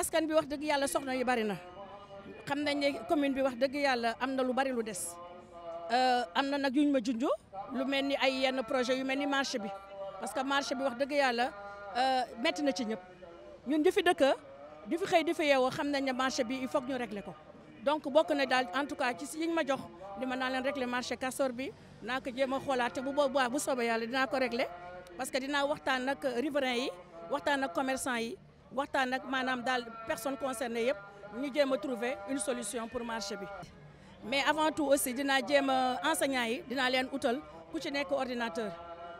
askan bi wax dëgg yàlla soxna yi bari na xam nañ ne commune bi wax dëgg yàlla am na lu bari lu des euh, am na nag yuñ ma junjoo lu mel ni ay yenn projet yu mel ni marché bi parce que marché bi wax dëgg yàlla euh, metti na ci ñëpp ñun di fi dëkk di fi xëy di fi yeewoo xam nañ ne marché bi il faut ñu régler ko donc bokk na daal en tout cas ci si yiñ ma jox di ma naa leen régler marché Castor bi naa ko jéem a xoolaat te bu boobaa bu soobee yàlla dinaa ko régler parce que dinaa waxtaan nag riverains yi waxtaan ak commerçant yi. waxtaan ak maanaam daal personne concernées yëpp ñu jéem a trouver une solution pour marché bi. mais avant tout aussi dinaa jéem a enseignants yi dinaa leen utal ku ci nekk ordinateur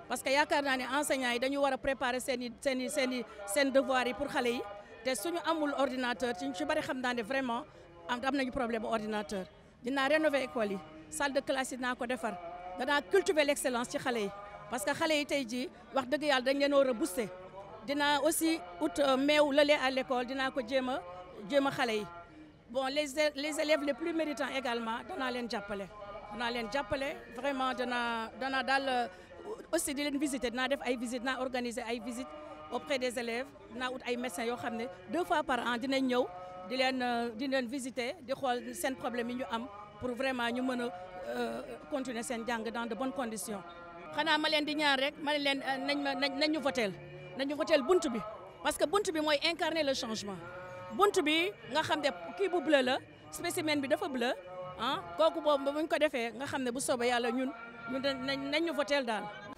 parce que yaakaar naa ne enseignants yi dañu war a préparer seen i seen i seen i seen devoir yi pour xale yi te suñu amul ordinateur ci ci bari xam naa ne vraiment am nañu problème ordinateur. dinaa rénover école yi salle de classe yi dinaa ko defar danaa cultiver l' excellence ci xale yi parce que xale yi tey jii wax dëgg yàlla dañ leen war a booster dina aussi ut ou euh, l'aller à l'école dina ko djema djema xalé yi bon les les élèves les plus méritants également danaa len jàppale danaa len jàppale vraiment danaa danaa dal euh, aussi di len visiter dina def ay visites dinaa organiser ay visites auprès des élèves dina out ay médecins yo xamné deux fois par an dina ñew di len euh, di len visiter di xol sen problème yi ñu am pour vraiment ñu mën continuer sen jang dans de bonnes conditions xana ma len di ñaan rek ma len nañ ma nañ ñu voteel nañu voteel buntu bi parce que buntu bi moy incarner le changement buntu bi nga xamné ki kii bu bleu la spécimen bi dafa bleu ah koku bobu buñ ko défé nga xamné ne bu soobee yalla ñun ñu nañ ñu voteel daal.